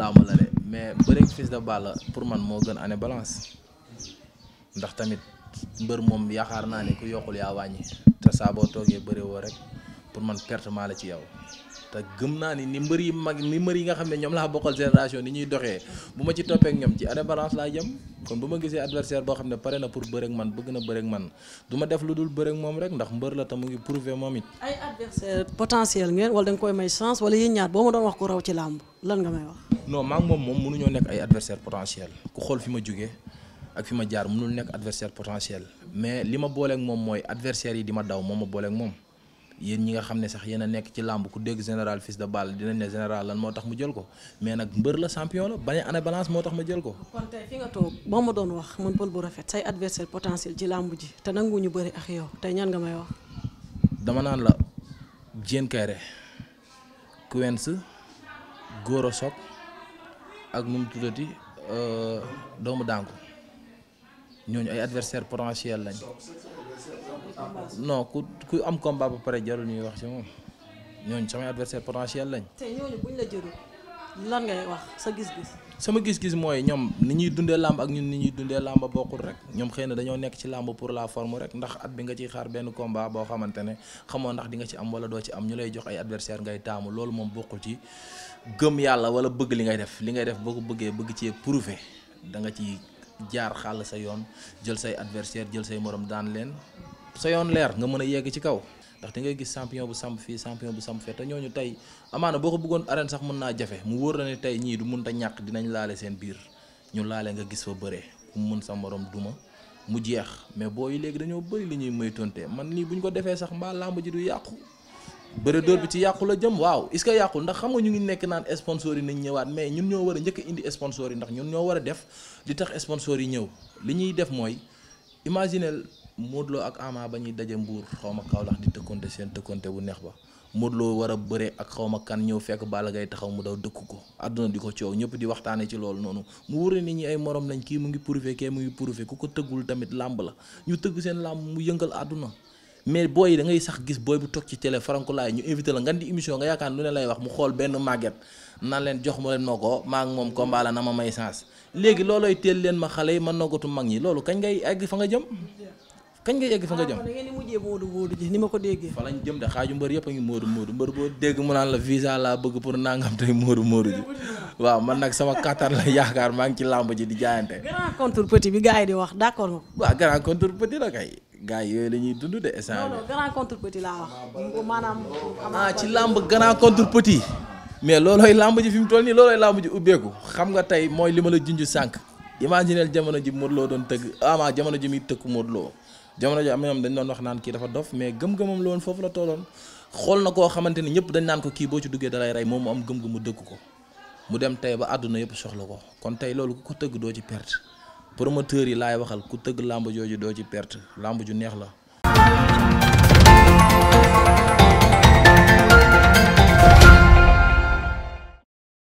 làmb la de mais bëreeg Fils de Balla pour man moo gën année balance ndax tamit mbër moom yaakaar naa ne ku yokkul yaa wàññi te saa boo toogee bëri woo rek pour man pertement la ci yow te gëm naa ni ni mbër yi mag ni mbër yi nga xam ne ñoom laa bokkal génération ni ñuy doxee bu ma ci toppeek ñoom ci référence laa jëm kon bu ma gisee adversaire boo xam ne pare na pour bëreek man bëgg na bëreek man du ma def lu dul bëreek moom rek ndax mbër la te mu ngi prouver moom it. ay adversaire potentiel ngeen wala da nga koy may chance wala yéen ñaar boo ma doon wax ko raw ci làmb lan nga may wax. non maa moom moom mënuñoo nekk ay adversaire potentiel ku xool fi ma jugee ak fi ma jaar mënul nekk adversaire potentiel mais li ma booleek moom mooy adversaire yi di ma daw moom ma booleek moom yéen ñi nga xam ne sax yéen a nekk ci làmb ku dégg général fils de balle dinañ ne général lan moo tax mu jël ko mais nag mbër la champion la bañ ana balance moo tax ma jël ko. kon tey boo ma doon wax man pël bu rafet say adversaire potentiel ci làmb ji te nanguwu ñu bëri ak yow tey ñaan nga may wax. dama naan la Diène Kairé Quench Goro Sock ak nu mu tuddati euh, doomu dànku ñooñu ay adversaire potentiel lañ. non ku ku am combat ba pare jarul ñuy wax ci moom ñooñu samay adversaire potentiel lañ. te ñooñu buñ la jëru lan ngay wax sa gis-gis. sama gis-gis mooy ñoom ni ñuy dundee làmb ak ñun ni ñuy dundee làmb bokkul rek ñoom xëy na dañoo nekk ci làmb pour la forme rek ndax at bi nga ciy xaar benn combat boo xamante ne xamoo ndax di nga ci am wala doo ci am ñu lay jox ay adversaire ngay taamu loolu moom bokkul ci gëm yàlla wala bëgg li ngay def li ngay def boo bëggee bëgg ci prouver da ci jaar xàll sa yoon jël say adversaire jël say morom daan leen sa yoon leer nga mën a yegg ci kaw ndax di ngay gis champion bu samp fii champion bu samp fee te ñooñu tey amaana boo ko bëggoon arène sax mën naa jafe mu wóor la ne ñii du mën ta ñàkk dinañ laale seen biir ñu laale nga gis fa bëree ku mën sa morom duma mu jeex mais booy léegi dañoo bëri li ñuy moytonte man lii buñ ko defee sax mbaa làmb ji du yàqu bëre door bi ci yàqu la jëm waaw est yàqul ndax xam nga ñu ngi nekk naan sponsor yi nañ ñëwaat mais ñun ñoo war a njëkk a indi sponsor yi ndax ñun ñoo war a def li tax sponsor yi ñëw li ñuy def mooy imaginel Modou Lo ak Ama ba ñuy daje mbuur xaw ma lax di tëkkonte seen tëkkonte bu neex ba Modou Lo war a bëre ak xaw ma kan ñëw fekk Balla Gaye taxaw mu daw dëkk ko àdduna di ko coow ñëpp di waxtaanee ci loolu noonu mu wóoree nit ñi ay morom lañ kii mu ngi prouvé kee mu ngi ku ko tëggul tamit làmb la ñu tëgg seen làmb mu yëngal àdduna mais booy da sax gis booy bu toog ci télé farankulaay ñu invité la nga di émission nga yaakaar lu ne lay wax mu xool benn màgget nan leen jox ma leen ma ko maa ngi moom combat la na ma may sens léegi loolooy teel leen ma xale yi mën na gotu mag ñi loolu kañ ngay egg fa nga jëm kañ ngay egg fa nga jëm ah, da ngeen ji ni ma ko déggee fa lañ jëm de xaaju mbër yëpp a ngi moodu moodu mbër boo dégg mu naan la visa laa bëgg pour nangam tey moodu moodu ji waaw man nag sama kattan la yaakaar maa ngi ci làmb ji di jaayante grand contre petit bi gars yi wax d'accord waaw grand contre petit la gars yi yooyu la ñuy dund de instant non non grand contre petit laa wax maanaam ah ci làmb grand contre mais loolooy làmb ji fi mu toll nii loolooy làmb ji ubbeeku xam nga tey mooy li ma la junj sànq imagineel jamono ji Modou Lo doon tëgg ama ah, jamono ji muy tëkk Modou Lo jamono ji am ñoom dañ doon wax naan kii dafa dof mais gëm-gëmam la woon foofu la tolloon xool na koo xamante ni ñëpp dañ naan ko kii boo ci duggee dalay rey moom mu am gëm-gëmu dëkk ko mu dem tey ba àdduna yëpp soxla ko kon tey loolu promoteur yi laay waxal ku tëgg làmb jooju doo ci perte làmb ju neex la